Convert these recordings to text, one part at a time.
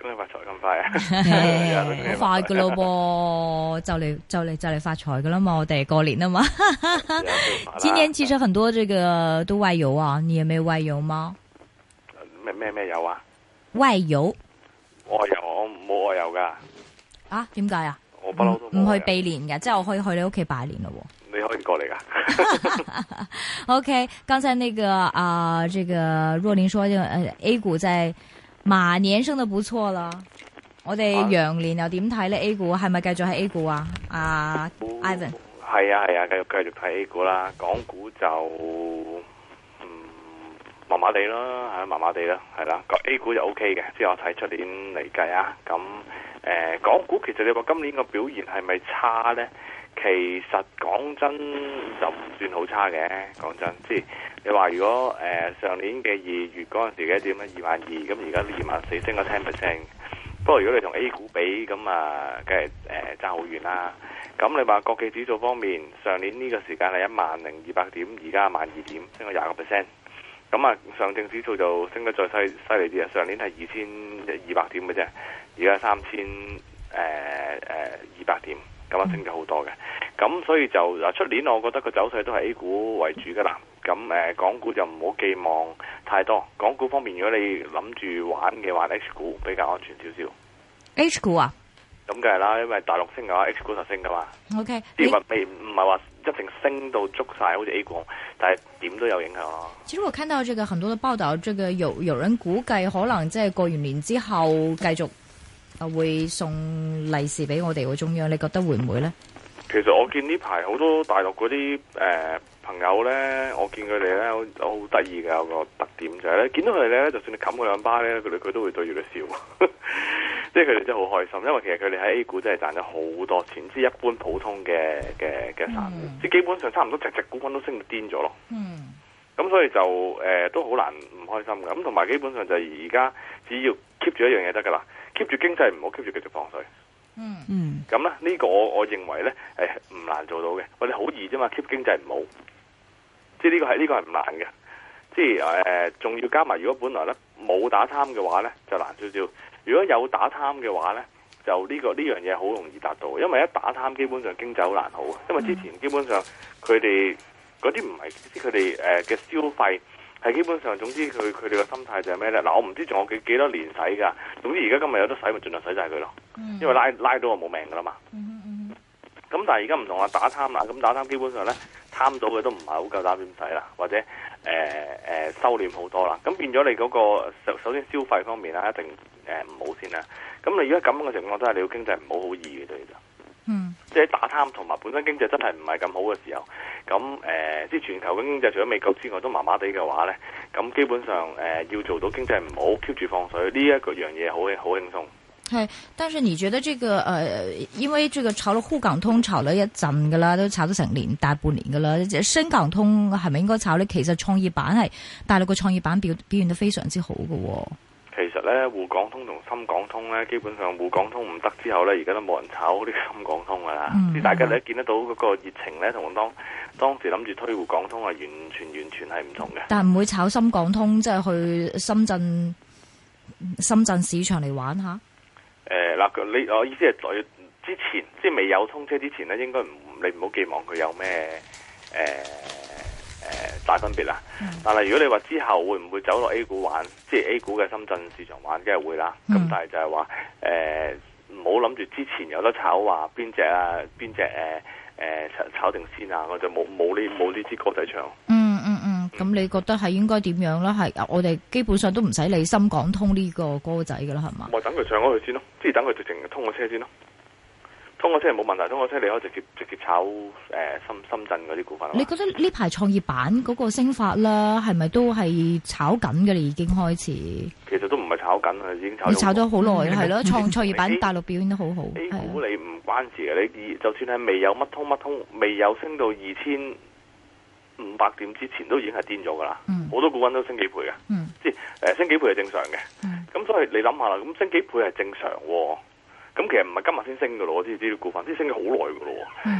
咁你發財咁快啊？好快噶咯噃，就嚟就嚟就嚟發財噶啦嘛！我哋過年啊嘛。 今年其實很多呢個都外遊啊，你有咩外遊嗎？咩咩咩遊啊？外遊？外遊我冇外遊噶。啊？點解啊？我的、嗯、不嬲都唔去避年噶，即係我可以去你屋企拜年咯。你可以過嚟噶。O K，剛才呢、那個啊，呢、呃這個若琳說，就、呃、A 股在。馬年升得不錯啦，我哋羊年又點睇咧？A 股係咪繼續喺 A 股啊？啊，Ivan 係啊係啊，繼 Ivan?、嗯啊啊、續繼續睇 A 股啦，港股就嗯麻麻地咯，係麻麻地咯，係、啊、啦。啊、A 股就 OK 嘅，即係我睇出年嚟計啊。咁、嗯、誒，港股其實你話今年個表現係咪差咧？其實講真就唔算好差嘅，講真，即係你話如果誒、呃、上年嘅二月嗰陣時嘅幾點咧，二萬二，咁而家二萬四升咗 ten percent。不過如果你同 A 股比，咁啊梗係誒爭好遠啦。咁、呃、你話國企指數方面，上年呢個時間係一萬零二百點，而家萬二點，升咗廿個 percent。咁啊上證指數就升得再犀利啲啲，上年係二千二百點嘅啫，而家三千誒誒二百點。咁樣，升咗好多嘅，咁所以就嗱，出年我覺得個走勢都係 A 股為主噶啦。咁誒、呃，港股就唔好寄望太多。港股方面，如果你諗住玩嘅話，H 股比較安全少少。H 股啊？咁梗係啦，因為大陸升嘅話，H 股就升噶嘛。O K，你唔係話一定升到足晒，好似 A 股，但係點都有影響咯。其實我看到這個很多的報道，這個有有人估計可能即係過完年之後繼續。啊！會送利是俾我哋個中央，你覺得會唔會呢？其實我見呢排好多大陸嗰啲誒朋友呢，我見佢哋呢好得意嘅，有個特點就係、是、呢，見到佢哋呢，就算你冚佢兩巴呢，佢哋佢都會對住你笑，即係佢哋真係好開心，因為其實佢哋喺 A 股真係賺咗好多錢，即係一般普通嘅嘅嘅散戶，即係、嗯、基本上差唔多隻隻股份都升到癲咗咯。嗯，咁所以就誒、呃、都好難唔開心嘅。咁同埋基本上就係而家只要 keep 住一樣嘢得噶啦。keep 住經濟唔好，keep 住繼續放水。嗯嗯，咁咧呢個我我認為咧，誒唔難做到嘅。我哋好易啫嘛，keep 經濟唔好，即係呢個係呢個係唔難嘅。即係誒，仲要加埋，如果本來咧冇打貪嘅話咧，就難少少；如果有打貪嘅話咧，就呢個呢樣嘢好容易達到。因為一打貪，基本上經濟好難好。因為之前基本上佢哋嗰啲唔係即佢哋誒嘅消費。係基本上，總之佢佢哋嘅心態就係咩咧？嗱，我唔知仲有幾幾多年使噶。總之而家今日有得使，咪盡量使晒佢咯。因為拉拉到就冇命噶啦嘛。咁但係而家唔同啊，打貪啦。咁打貪基本上咧，貪到嘅都唔係好夠膽點使啦，或者誒誒收斂好多啦。咁變咗你嗰、那個首首先消費方面咧一定誒唔好先啦。咁你而家咁嘅情況，都係你個經濟唔好好易嘅啫。對即係打貪同埋本身經濟真係唔係咁好嘅時候，咁誒，即、呃、係全球嘅經濟除咗美國之外都麻麻地嘅話咧，咁基本上誒、呃、要做到經濟唔好 keep 住放水呢一、這個樣嘢好輕好輕鬆。係，但係你覺得這個誒、呃，因為這個炒咗滬港通炒咗一陣嘅啦，都炒咗成年大半年嘅啦，深港通係咪應該炒呢？其實創業板係大陸個創業板表表現得非常之好嘅、哦。咧滬港通同深港通咧，基本上滬港通唔得之後咧，而家都冇人炒呢個深港通噶啦。即係、嗯、大家咧見得到嗰個熱情咧，同當當時諗住推滬港通係完全完全係唔同嘅。但係唔會炒深港通，即係去深圳深圳市場嚟玩下。誒、啊、嗱、呃，你我意思係在之前，即係未有通車之前咧，應該唔你唔好寄望佢有咩誒。呃分別啦，但係如果你話之後會唔會走落 A 股玩，即、就、係、是、A 股嘅深圳市場玩，梗係會啦。咁、嗯、但係就係話唔好諗住之前有得炒，話邊隻啊，邊隻誒誒炒定先啊，我就冇冇呢冇呢支歌仔唱。嗯嗯嗯，咁、嗯嗯嗯、你覺得係應該點樣咧？係我哋基本上都唔使理深港通呢個歌仔噶啦，係嘛？咪等佢唱咗佢先咯，即係等佢直情通過車先咯。通貨車冇問題，通貨車你可以直接直接炒誒、呃、深深圳嗰啲股份。你覺得呢排創業板嗰個升法啦，係咪都係炒緊嘅啦？已經開始。其實都唔係炒緊啊，已經炒。炒咗好耐，係咯了？創創業板大陸表現得好好。A, A 股是、啊、你唔關事嘅，你就算係未有乜通乜通，未有升到二千五百點之前，都已經係癲咗噶啦。好、嗯、多股份都升幾倍嘅，即係誒升幾倍係正常嘅。咁、嗯、所以你諗下啦，咁升幾倍係正常喎。咁其實唔係今日先升㗎咯，我知啲啲股份即升咗好耐㗎咯。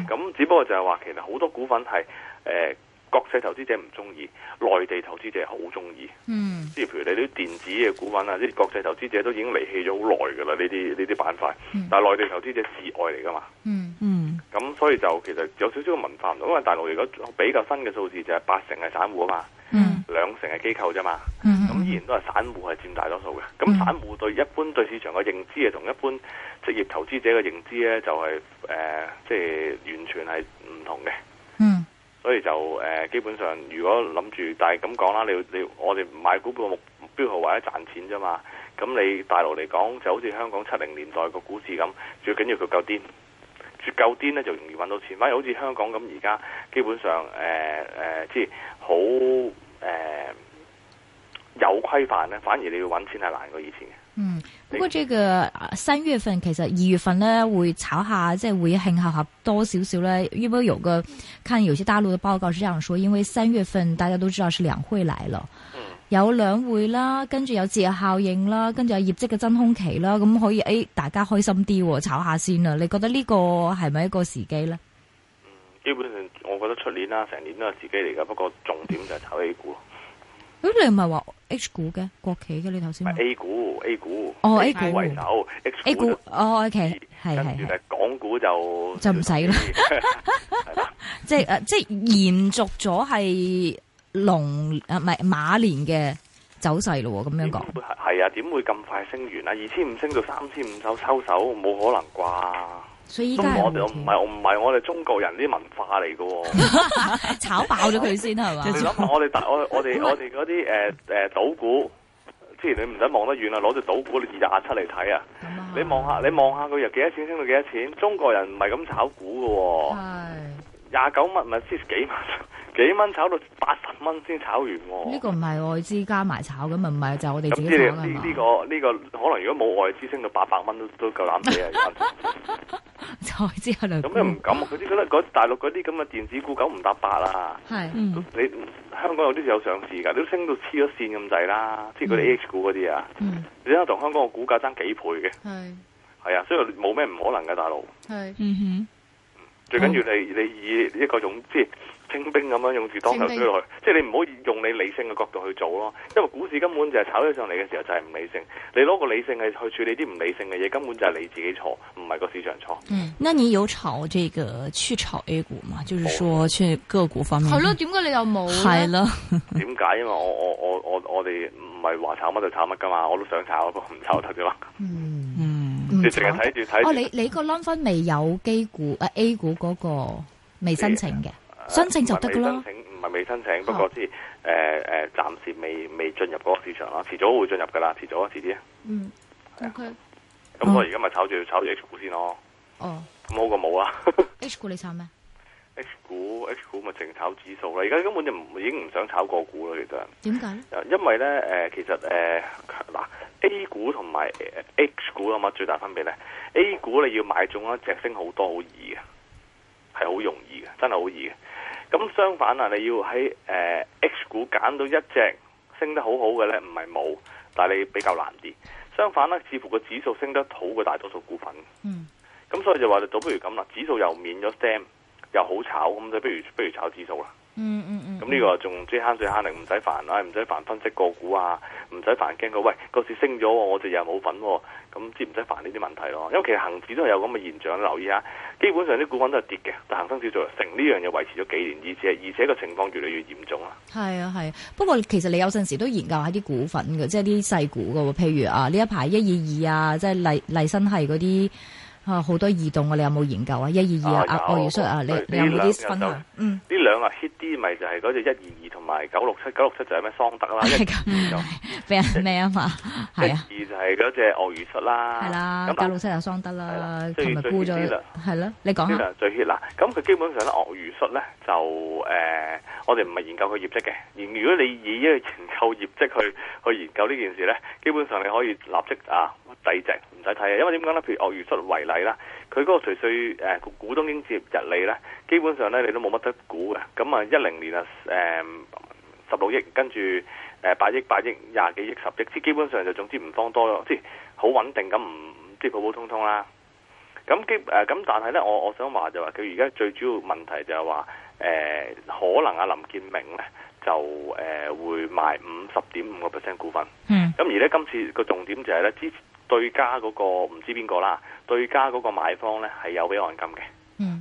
咁、mm. 只不過就係話，其實好多股份係誒、呃、國際投資者唔中意，內地投資者好中意。嗯，即係譬如你啲電子嘅股份啊，啲國際投資者都已經離棄咗好耐㗎啦。呢啲呢啲板塊，mm. 但係內地投資者係愛嚟㗎嘛。嗯嗯，咁所以就其實有少少文化唔同，因為大陸而家比較新嘅數字就係八成係散戶啊嘛。Mm. 成日機構啫嘛，咁依然都係散戶係佔大多數嘅。咁散戶對一般對市場嘅認知，誒同一般職業投資者嘅認知咧，就係誒即係完全係唔同嘅。嗯，所以就誒、呃、基本上，如果諗住，但係咁講啦，你你我哋買股票嘅目標係為咗賺錢啫嘛。咁你大陸嚟講，就好似香港七零年代個股市咁，最緊要佢夠癲，佢夠癲咧就容易搵到錢。反而好似香港咁而家，基本上誒即係好。呃呃誒、呃，有規範咧，反而你要搵錢係難過以前嘅。嗯，不過這個三月份其實二月份呢會炒下，即係會興下，合多少少咧。因為有個，看有些大陸的報告是這樣說，因為三月份大家都知道是兩會來了，嗯、有兩會啦，跟住有節日效應啦，跟住有業績嘅真空期啦，咁可以 A、哎、大家開心啲，炒下先啊！你覺得呢個係咪一個時機呢？基本上。我覺得出年啦，成年都係自己嚟噶，不過重點就係炒 A 股。咁你唔係話 H 股嘅國企嘅你頭先？唔係 A 股，A 股哦、oh, A 股, A 股為首，A 股哦、oh, OK，跟住港股就是是是是就唔使啦，即係誒，即係延續咗係龍誒唔係馬年嘅走勢咯，咁樣講。係啊，點會咁快升完啊？二千五升到三千五就收手，冇可能啩？咁我哋唔係我唔係我哋中國人啲文化嚟㗎喎，炒爆咗佢先係嘛、呃啊啊？你諗下我哋大我我哋我哋嗰啲誒誒賭股，即係你唔使望得遠啦，攞住賭股二廿七嚟睇啊！你望下你望下佢又幾多錢升到幾多錢？中國人唔係咁炒股㗎喎，廿九萬咪四十幾萬。 幾蚊炒到八十蚊先炒完？呢個唔係外資加埋炒嘅嘛，唔係就我哋自己呢？呢個呢個可能如果冇外資升到八百蚊都都夠膽嘅。外資有嚟。咁又唔敢？嗰啲嗰啲嗰大陸嗰啲咁嘅電子股九唔搭八啦。係你香港有啲有上市噶，都升到黐咗線咁滯啦，即係嗰啲 H 股嗰啲啊。你睇下同香港個股價爭幾倍嘅。係係啊，所以冇咩唔可能嘅，大陸，係嗯哼，最緊要你你以一個種即。清兵咁樣用住當頭追落去，兵即係你唔可以用你理性嘅角度去做咯。因為股市根本就係炒咗上嚟嘅時候就係唔理性，你攞個理性係去處理啲唔理性嘅嘢，根本就係你自己錯，唔係個市場錯。嗯，那你有炒這個去炒 A 股嗎？就是說去個股方面。係咯、哦，點解你又冇咧？點解？ 因為我我我我我哋唔係話炒乜就炒乜噶嘛，我都想炒，唔炒得嘅嘛。嗯嗯。嗯你哦，你你個 long 翻未有基股誒、呃、A 股嗰個未申請嘅。申請就得噶啦，申請唔係未申請，不過即係誒誒，暫時未未進入嗰個市場咯，遲早會進入噶啦，遲早，啊，遲啲啊。嗯，咁佢，咁 okay，我而家咪炒住、哦、炒住 H 股先咯。哦，咁好過冇啊。H 股你炒咩？H 股，H 股咪淨炒指數啦。而家根本就唔已經唔想炒個股啦。其實，點解？因為咧，誒、呃，其實誒，嗱、呃、A 股同埋、呃、H 股啊嘛，最大分別咧，A 股你要買中一隻升好多好易嘅，係好容易嘅，真係好易嘅。咁相反啊，你要喺誒、呃、H 股揀到一隻升得好好嘅咧，唔係冇，但係你比較難啲。相反啦，似乎個指數升得好過大多數股份。嗯。咁所以就話，就倒不如咁啦，指數又免咗 stem 又好炒，咁就不如不如炒指數啦。嗯嗯。咁呢個仲即係慳水慳力，唔使煩啊，唔使煩分析個股啊，唔使煩驚佢喂，個市升咗，我哋又冇份喎。咁即唔使煩呢啲問題咯。因為其實恒指都有咁嘅現象，留意下，基本上啲股份都係跌嘅，但恒生指數成呢樣嘢維持咗幾年以至，而且個情況越嚟越嚴重啊。係啊，係啊。不過其實你有陣時都研究下啲股份嘅，即係啲細股嘅，譬如啊，呢一排一二二啊，即係麗麗新係嗰啲。啊，好多異動，我哋有冇研究啊？一二二啊，鱷魚恤啊，你有冇啲分啊？嗯，呢兩個 hit 啲，咪就係嗰隻一二二同埋九六七，九六七就係咩桑德啦，咩唔咩啊嘛？係啊，二就係嗰隻鱷魚恤啦，係啦，九六七就桑德啦，佢咪沽咗，係咯，你講下最 hit 嗱，咁佢基本上咧鱷魚恤咧就誒，我哋唔係研究佢業績嘅，而如果你以一個研究業績去去研究呢件事咧，基本上你可以立即啊抵靜，唔使睇啊，因為點講咧？譬如鱷魚恤為係啦，佢嗰個除稅誒，股東應佔溢利咧，基本上咧你都冇乜得估嘅。咁啊，一零年啊誒十六億，跟住誒八億、八億、廿幾億、十億，即係基本上就總之唔方多咯，即係好穩定咁，唔即係普普通通啦。咁基誒咁，但係咧，我我想話就話佢而家最主要問題就係話誒，可能阿林建明咧就誒會賣五十點五個 percent 股份。嗯。咁而咧，今次個重點就係咧，之。對家嗰個唔知邊個啦，對家嗰個買方咧係有俾按金嘅。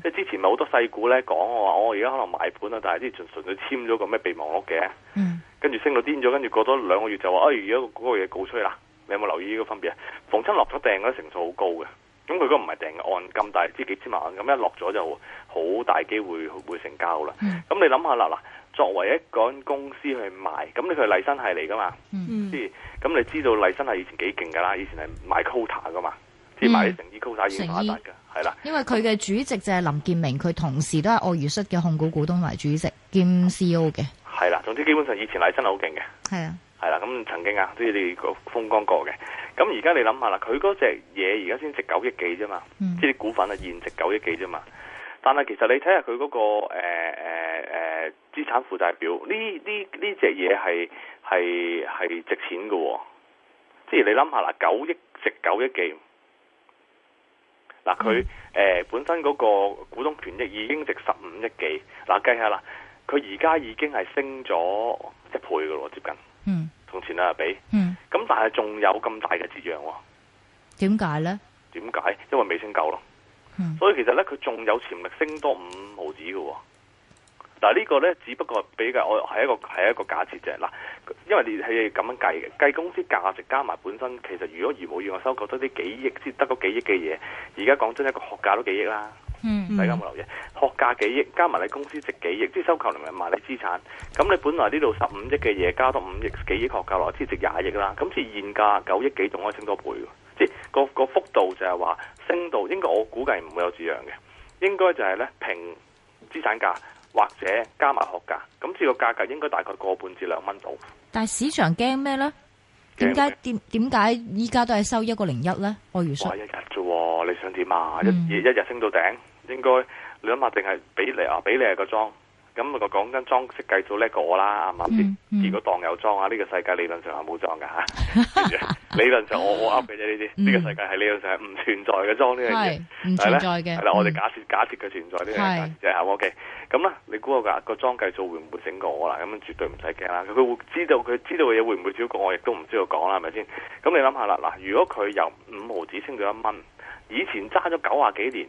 即係、嗯、之前咪好多細股咧講我話我而家可能買盤啦，但係即係純粹簽咗個咩備忘錄嘅，嗯、跟住升到癲咗，跟住過多兩個月就話哎而家嗰個嘢告吹啦，你有冇留意呢個分別啊？逢親落咗訂嗰個成數好高嘅。咁佢都唔係訂案咁大，即幾千萬咁一落咗就好大機會會成交啦。咁、嗯、你諗下啦，作為一個公司去賣，咁你佢麗新係嚟噶嘛？咁、嗯、你知道麗新係以前幾勁噶啦，以前係買 cota 噶嘛，即係買成啲 cota 發達噶，係啦、嗯。的因為佢嘅主席就係林建明，佢同時都係鱷魚恤嘅控股股東嚟主席兼 CEO 嘅。係啦，總之基本上以前麗新係好勁嘅。係啦，咁曾經啊，即係你個風光過嘅。咁而家你諗下啦，佢嗰隻嘢而家先值九億幾啫嘛，即啲股份啊現值九億幾啫嘛。但係其實你睇下佢嗰個誒誒誒資產負債表，呢呢呢隻嘢係係係值錢㗎喎。即係你諗下啦，九億值九億幾？嗱，佢誒本身嗰個股東權益已經值十五億幾。嗱，計下啦，佢而家已經係升咗一倍㗎咯，接近。同前兩日比，咁、嗯、但係仲有咁大嘅折讓，點解呢？點解？因為未升夠咯，嗯、所以其實呢，佢仲有潛力升多五毫子嘅。嗱呢個呢，只不過是比較我係一個係一,一個假設啫。嗱，因為你係咁樣計嘅，計公司價值加埋本身，其實如果如冇意外收購多啲幾億，先得嗰幾億嘅嘢，而家講真一個學價都幾億啦。嗯，大家冇留意，嗯嗯、學價幾億，加埋你公司值幾億，即係收購嚟埋你資產。咁你本來呢度十五億嘅嘢，加到五億幾億學價落，即係值廿億啦。咁至現價九億幾仲可以升多倍，即係個個幅度就係話升到，應該我估計唔會有止樣嘅，應該就係咧平資產價或者加埋學價，咁至個價格應該大概個半至兩蚊到。但係市場驚咩咧？點解點點解依家都係收一個零一咧？我預想一日啫，你想點啊？嗯、一一日升到頂？應該你諗下，淨係俾你啊？俾你係個裝，咁、嗯嗯、個講緊，裝飾計數叻過我啦，係咪先？如果當有裝啊，呢個世界理論上係冇裝噶吓。 理論上我我噏俾你呢啲呢個世界係理論上唔存在嘅裝是呢樣嘢，唔存在嘅。係啦，我哋假設、嗯、假設佢存在呢樣嘢，係是 OK。咁、那、啦、個，你估下個個裝計數會唔會醒過我啦？咁絕對唔使驚啦。佢會知道佢知道嘅嘢會唔會超過我，亦都唔知道講啦，係咪先？咁你諗下啦，嗱，如果佢由五毫子升咗一蚊，以前揸咗九啊幾年。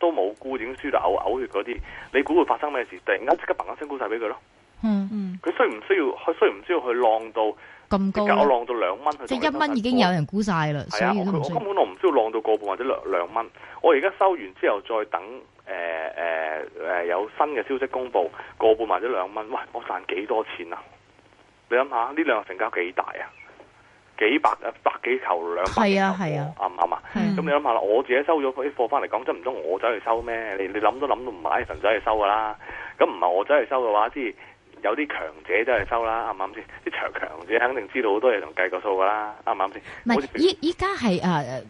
都冇估點經輸到嘔嘔血嗰啲，你估會發生咩事？突然間即刻嘣一聲估晒俾佢咯。嗯嗯，佢需唔需要？佢需唔需要去浪到咁高？我浪到兩蚊。即一蚊已經有人估晒啦。係啊我，我根本我唔需要浪到個半或者兩蚊。我而家收完之後再等，誒、呃、誒、呃、有新嘅消息公布，個半或者兩蚊，喂，我賺幾多錢啊？你諗下呢兩個成交幾大啊？幾百啊，百幾頭兩百頭，係啊，係啊，啱唔啱啊？咁吧、啊、你諗下我自己收咗啲貨翻嚟，講真唔通我走去收咩？你你諗都諗都唔買，純走去收噶啦。咁唔係我走去收嘅話，即、就、係、是、有啲強者走去收啦，啱唔啱先？啲強強者肯定知道好多嘢同計個數噶啦，啱唔啱先？咪依依家係誒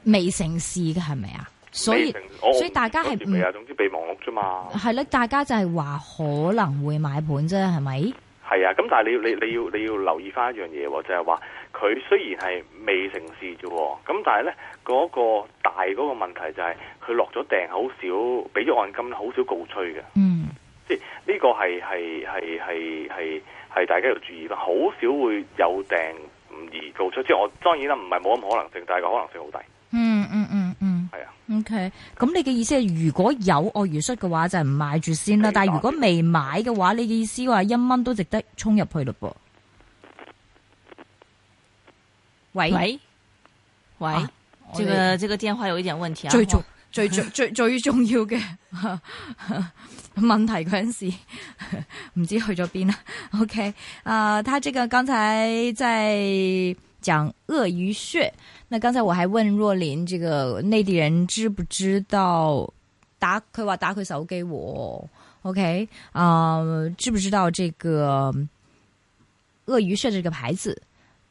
未成事嘅係咪啊？所以、哦、所以大家係唔總之備忘錄啫嘛。係啦沒、啊，大家就係話可能會買盤啫，係咪？係啊，咁但係你你你要，你要，你，要你要留意翻一樣嘢，就係、是、話。佢雖然係未成事啫，咁但係咧嗰個大嗰個問題就係佢落咗訂好少，俾咗按金好少告吹嘅。嗯，即係呢個係係係係大家要注意啦。好少會有訂而告吹，即係我當然啦，唔係冇咁可能性，但係個可能性好低、嗯。嗯嗯嗯嗯，係啊。OK，咁你嘅意思係如果有外遇出嘅話，就係、是、唔買住先啦。但係如果未買嘅話，你嘅意思話一蚊都值得衝入去咯噃。喂喂，喂啊、這個 Okay. 這個電話有一點問題，啊，最重最重最最重要嘅問題關係唔知去咗邊啊 OK，啊、呃，他這個剛才在講鱷魚穴，那剛才我還問若琳，這個內地人知不知道打佢話打佢手機給我。OK，啊、呃，知不知道這個鱷魚穴這個牌子？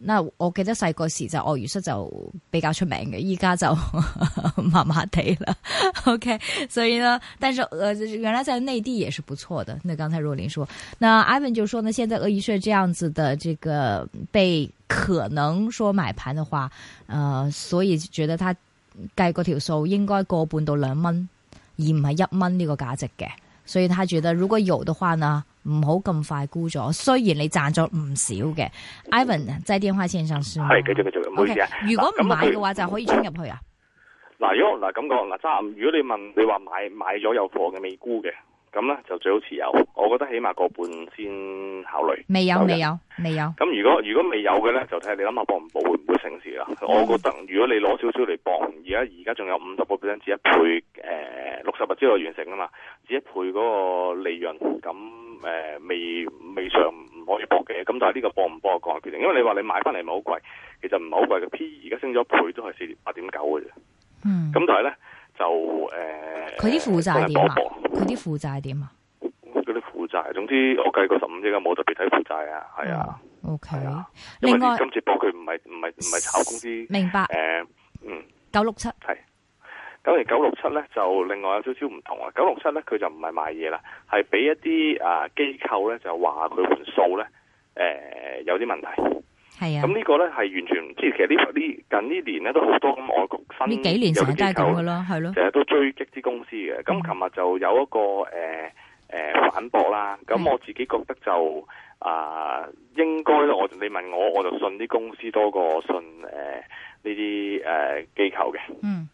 那我記得細個時就鱷魚恤就比較出名嘅，依家就麻麻地啦。呵呵媽媽 OK，所以呢但是呃原來在內地也是不錯的。那剛才若琳說，那 Ivan 就說呢，現在鱷魚恤這樣子的這個被可能說買盤的話，呃所以覺得他計嗰條數應該過半到兩蚊，而唔係一蚊呢個價值嘅。所以他覺得如果有的話呢？唔好咁快沽咗，雖然你賺咗唔少嘅。Ivan，即係電話線上算？係繼續繼續，唔好意思啊，啊如。如果唔買嘅話，就可以衝入去啊。嗱，如果嗱咁講嗱，如果你問你話買買咗有貨嘅未沽嘅，咁咧就最好持有。我覺得起碼個半先考慮。未有未有未有。咁人如果如果未有嘅咧，就睇下你諗下博唔博，會唔會成事啦、啊？嗯、我覺得如果你攞少少嚟博，而家而家仲有五十個 percent，至一倍，誒六十日之內完成啊嘛，至一倍嗰個利潤咁。誒、呃，未未上唔可以博嘅，咁但係呢個博唔博嘅，個人決定。因為你話你買翻嚟唔係好貴，其實唔係好貴嘅。P 而家升咗一倍都係四八點九嘅啫。嗯，咁但係咧就誒，佢啲負債點啊？佢啲負債點啊？嗰啲負債，總之我計過十五億嘅，冇特別睇負債啊，係、嗯 okay、啊。O K 啊。另外，今次博佢唔係唔係唔係炒公司？明白。誒、呃，嗯，九六七係。九零九六七咧，就另外有少少唔同啊。九六七咧，佢就唔係賣嘢啦，係俾一啲啊、呃、機構咧，就話佢盤數咧，誒、呃、有啲問題係啊。咁呢個咧係完全唔知。其實呢呢近呢年咧都好多咁、嗯、外國分幾有啲機構咯，係咯，成日都追擊啲公司嘅。咁琴日就有一個誒誒、呃呃、反駁啦。咁、嗯、我自己覺得就啊、呃，應該咧我你問我我就信啲公司多過信誒呢啲誒機構嘅嗯。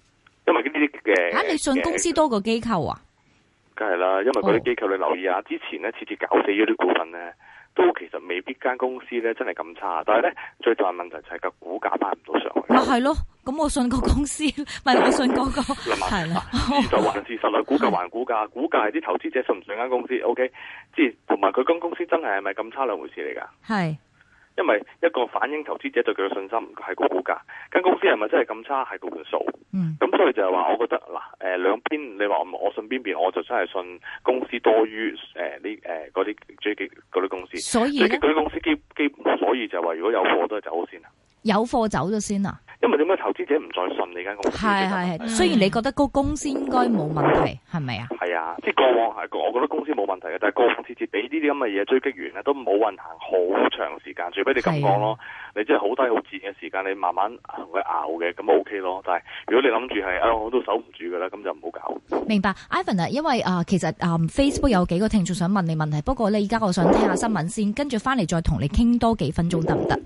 因為呢啲嘅吓，你信公司多過機構啊？梗係啦，因為嗰啲機構、oh. 你留意下，之前咧次次搞死嗰啲股份咧，都其實未必間公司咧真係咁差，但係咧最大問題就係個股價攀唔到上去。咪係咯？咁我信個公司，咪我信嗰個係啦，就還是實內股價還股價，是的股價係啲投資者信唔信間公司？OK，即係同埋佢間公司真係係咪咁差兩回事嚟噶？係。因為一個反映投資者對佢嘅信心係個股價，間公司係咪真係咁差係個盤數，咁、嗯、所以就係話我覺得嗱，誒兩邊你話我信邊邊，我就真係信公司多於誒呢誒嗰啲追擊啲公司，所以啲公司基基所以就話如果有貨都係走先啦。有貨走咗先啊！因為點解投資者唔再信你間公司？係係係，雖然你覺得個公司應該冇問題，係咪啊？係啊，即過往係我覺得公司冇問題嘅。但係過往次次俾呢啲咁嘅嘢追擊完咧，都冇運行好長時間，除俾你咁講咯，的你即係好低好自然嘅時間，你慢慢同佢拗嘅，咁 OK 咯。但係如果你諗住係啊，我都守唔住噶啦，咁就唔好搞。明白，Ivan 啊，因為啊、呃，其實啊、呃，Facebook 有幾個聽眾想問你問題，不過咧，依家我想聽下新聞先，跟住翻嚟再同你傾多幾分鐘得唔得？行